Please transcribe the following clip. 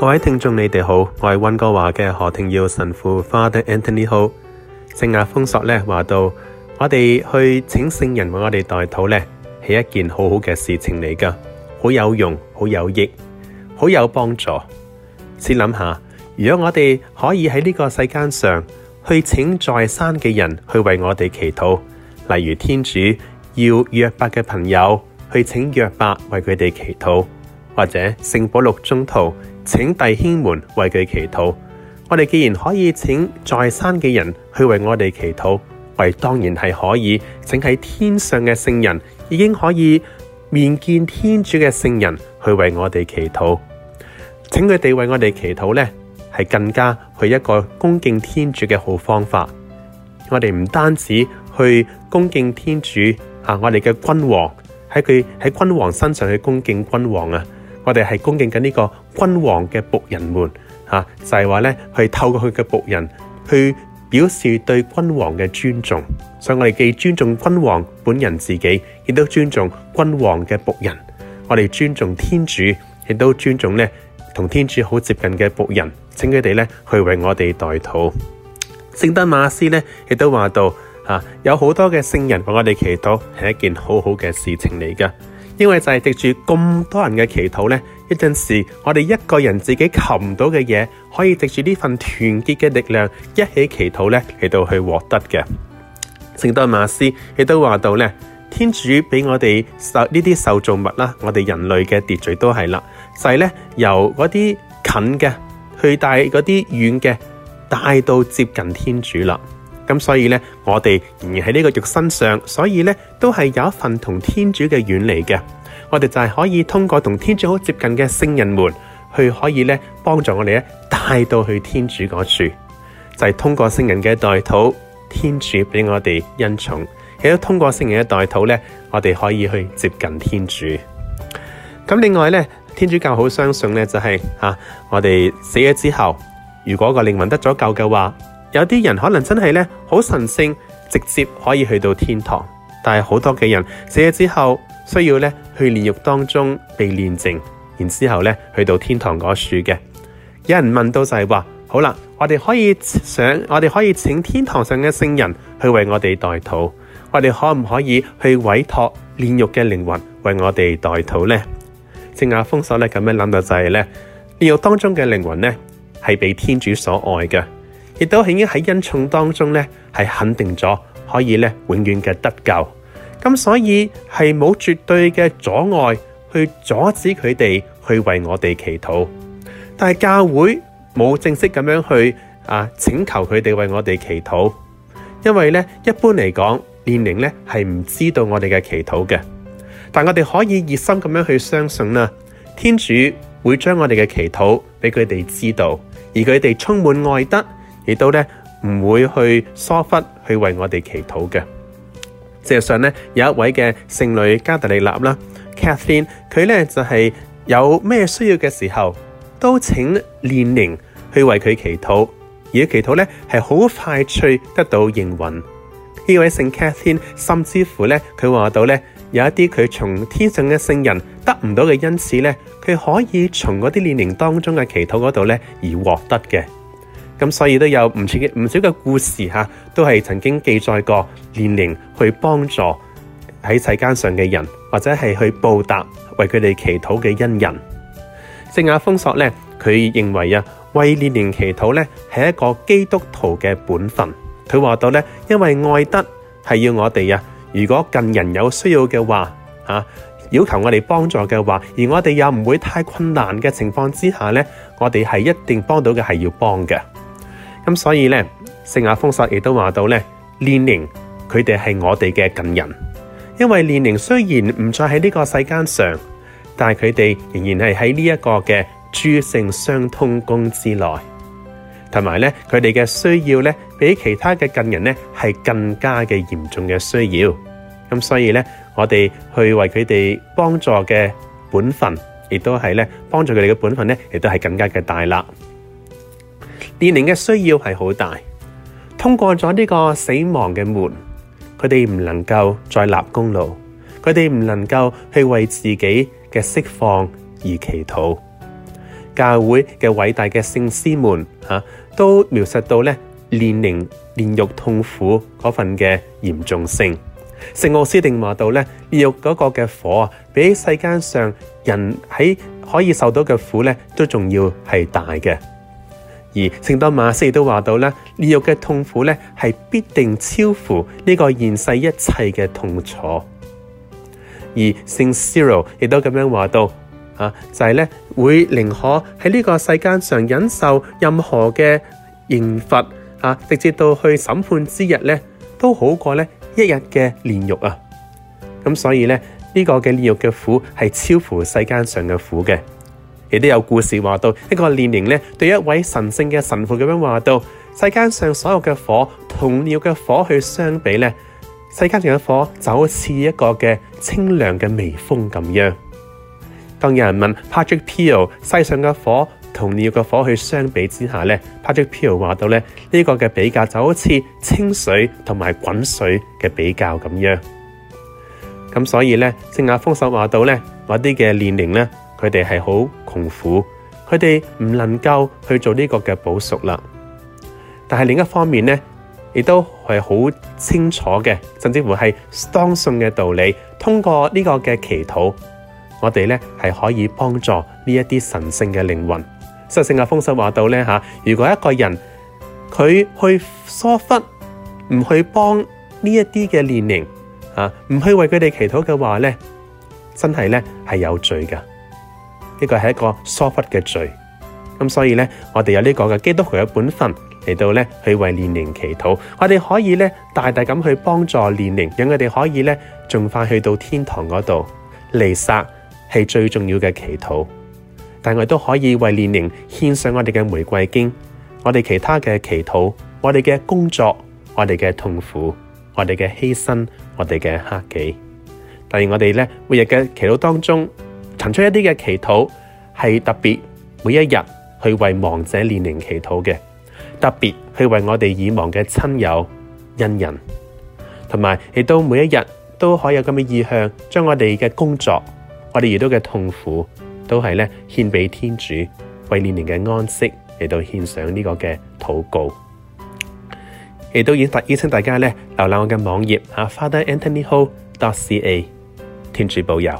各位聽眾，你哋好，我係溫哥華嘅何廷耀神父 Father Anthony 好。好聖亞豐索咧話到，我哋去請聖人為我哋代禱咧，係一件好好嘅事情嚟噶，好有用，好有益，好有幫助。先諗下，如果我哋可以喺呢個世間上去請在生嘅人去為我哋祈禱，例如天主要約伯嘅朋友去請約伯為佢哋祈禱，或者聖保祿宗徒。請弟兄們為佢祈禱。我哋既然可以請在生嘅人去為我哋祈禱，我哋當然係可以請喺天上嘅聖人，已經可以面見天主嘅聖人去為我哋祈禱。請佢哋為我哋祈禱呢，係更加去一個恭敬天主嘅好方法。我哋唔單止去恭敬天主，吓、啊、我哋嘅君王，喺佢喺君王身上去恭敬君王啊。我哋係恭敬緊呢個君王嘅僕人們，吓、啊、就係話咧去透過佢嘅僕人去表示對君王嘅尊重，所以我哋既尊重君王本人自己，亦都尊重君王嘅僕人。我哋尊重天主，亦都尊重咧同天主好接近嘅僕人，請佢哋咧去為我哋代禱。聖多瑪斯咧亦都話到，吓、啊、有好多嘅聖人為我哋祈禱，係一件好好嘅事情嚟噶。因為就係藉住咁多人嘅祈禱咧，一陣時我哋一個人自己求唔到嘅嘢，可以藉住呢份團結嘅力量一起祈禱咧，嚟到去獲得嘅。聖多瑪斯亦都話到咧，天主俾我哋受呢啲受造物啦，我哋人類嘅秩序都係啦，就係、是、咧由嗰啲近嘅去帶嗰啲遠嘅，帶到接近天主啦。咁所以呢，我哋仍然喺呢個肉身上，所以呢，都係有一份同天主嘅遠離嘅。我哋就係可以通過同天主好接近嘅聖人們，去可以呢幫助我哋呢帶到去天主嗰處，就係、是、通過聖人嘅代禱，天主俾我哋恩寵，亦都通過聖人嘅代禱呢，我哋可以去接近天主。咁另外呢，天主教好相信呢，就係、是、吓、啊、我哋死咗之後，如果個靈魂得咗救嘅話。有啲人可能真係咧好神聖，直接可以去到天堂。但係好多嘅人死咗之後，需要咧去煉獄當中被煉淨，然之後咧去到天堂嗰處嘅。有人問到就係話：好啦，我哋可以想，我哋可以請天堂上嘅聖人去為我哋代禱，我哋可唔可以去委託煉獄嘅靈魂為我哋代禱咧？正阿封鎖咧咁樣諗到就係咧煉獄當中嘅靈魂咧係被天主所愛嘅。亦都已經喺恩寵當中咧，係肯定咗可以咧永遠嘅得救。咁所以係冇絕對嘅阻礙去阻止佢哋去為我哋祈禱。但係教會冇正式咁樣去啊請求佢哋為我哋祈禱，因為咧一般嚟講煉靈咧係唔知道我哋嘅祈禱嘅。但我哋可以熱心咁樣去相信啦，天主會將我哋嘅祈禱俾佢哋知道，而佢哋充滿愛德。亦都咧唔會去疏忽去為我哋祈禱嘅。事實上咧，有一位嘅聖女加特利納啦，Catherine，佢咧就係有咩需要嘅時候，都請煉靈去為佢祈禱，而嘅祈禱咧係好快脆得到應允。呢位聖 Catherine 甚至乎咧，佢話到咧，有一啲佢從天上嘅聖人得唔到嘅恩賜咧，佢可以從嗰啲煉靈當中嘅祈禱嗰度咧而獲得嘅。咁所以都有唔少嘅唔少嘅故事，吓都係曾經記載過。煉靈去幫助喺世間上嘅人，或者係去報答為佢哋祈禱嘅恩人。聖亞豐索咧，佢認為啊，為煉靈祈禱咧係一個基督徒嘅本分。佢話到咧，因為愛德係要我哋啊，如果近人有需要嘅話，吓要求我哋幫助嘅話，而我哋又唔會太困難嘅情況之下咧，我哋係一定幫到嘅，係要幫嘅。咁所以咧，聖亞豐索亦都話到咧，煉靈佢哋係我哋嘅近人，因為煉靈雖然唔再喺呢個世間上，但係佢哋仍然係喺呢一個嘅諸聖相通功之內，同埋咧佢哋嘅需要咧，比其他嘅近人咧係更加嘅嚴重嘅需要。咁所以咧，我哋去為佢哋幫助嘅本分，亦都係咧幫助佢哋嘅本分咧，亦都係更加嘅大啦。年齡嘅需要係好大，通過咗呢個死亡嘅門，佢哋唔能夠再立功勞，佢哋唔能夠去為自己嘅釋放而祈禱。教會嘅偉大嘅聖師們吓、啊、都描述到咧，年齡煉獄痛苦嗰份嘅嚴重性。聖奧斯定話到咧，煉獄嗰個嘅火啊，比起世間上人喺可以受到嘅苦咧，都仲要係大嘅。而聖多馬斯亦都話到咧，煉獄嘅痛苦咧係必定超乎呢個現世一切嘅痛楚。而聖 Cyril 亦都咁樣話到，啊，就係、是、咧會寧可喺呢個世間上忍受任何嘅刑罰，啊，直至到去審判之日咧，都好過咧一日嘅煉獄啊。咁所以咧呢、這個嘅煉獄嘅苦係超乎世間上嘅苦嘅。亦都有故事話到一個練營咧，對一位神聖嘅神父咁樣話到：世間上所有嘅火同尿嘅火去相比咧，世間上嘅火就好似一個嘅清涼嘅微風咁樣。當有人問 Patrick Peel 世上嘅火同尿嘅火去相比之下咧，Patrick Peel 話到咧呢、這個嘅比較就好似清水同埋滾水嘅比較咁樣。咁所以咧，聖雅風守話到咧，嗰啲嘅練營咧。佢哋係好窮苦，佢哋唔能夠去做呢個嘅補贖啦。但係另一方面咧，亦都係好清楚嘅，甚至乎係當信嘅道理。通過呢個嘅祈禱，我哋咧係可以幫助呢一啲神聖嘅靈魂。聖聖亞豐收話到咧吓，如果一個人佢去疏忽，唔去幫呢一啲嘅煉靈啊，唔去為佢哋祈禱嘅話咧，真係咧係有罪噶。呢個係一個疏忽嘅罪，咁所以呢，我哋有呢個嘅基督徒嘅本分嚟到呢，去為煉靈祈禱，我哋可以呢，大大咁去幫助煉靈，讓佢哋可以呢，盡快去到天堂嗰度。彌撒係最重要嘅祈禱，但係我哋都可以為煉靈獻上我哋嘅玫瑰經，我哋其他嘅祈禱，我哋嘅工作，我哋嘅痛苦，我哋嘅犧牲，我哋嘅克己。但二，我哋呢，每日嘅祈禱當中。陳出一啲嘅祈禱，係特別每一日去為亡者煉靈祈禱嘅，特別去為我哋已亡嘅親友恩人，同埋亦都每一日都可以有咁嘅意向，將我哋嘅工作，我哋遇到嘅痛苦，都係咧獻俾天主，為煉靈嘅安息嚟到獻上呢個嘅禱告。亦都已特邀請大家咧瀏覽我嘅網頁啊，fatheranthonyho.ca，天主保佑。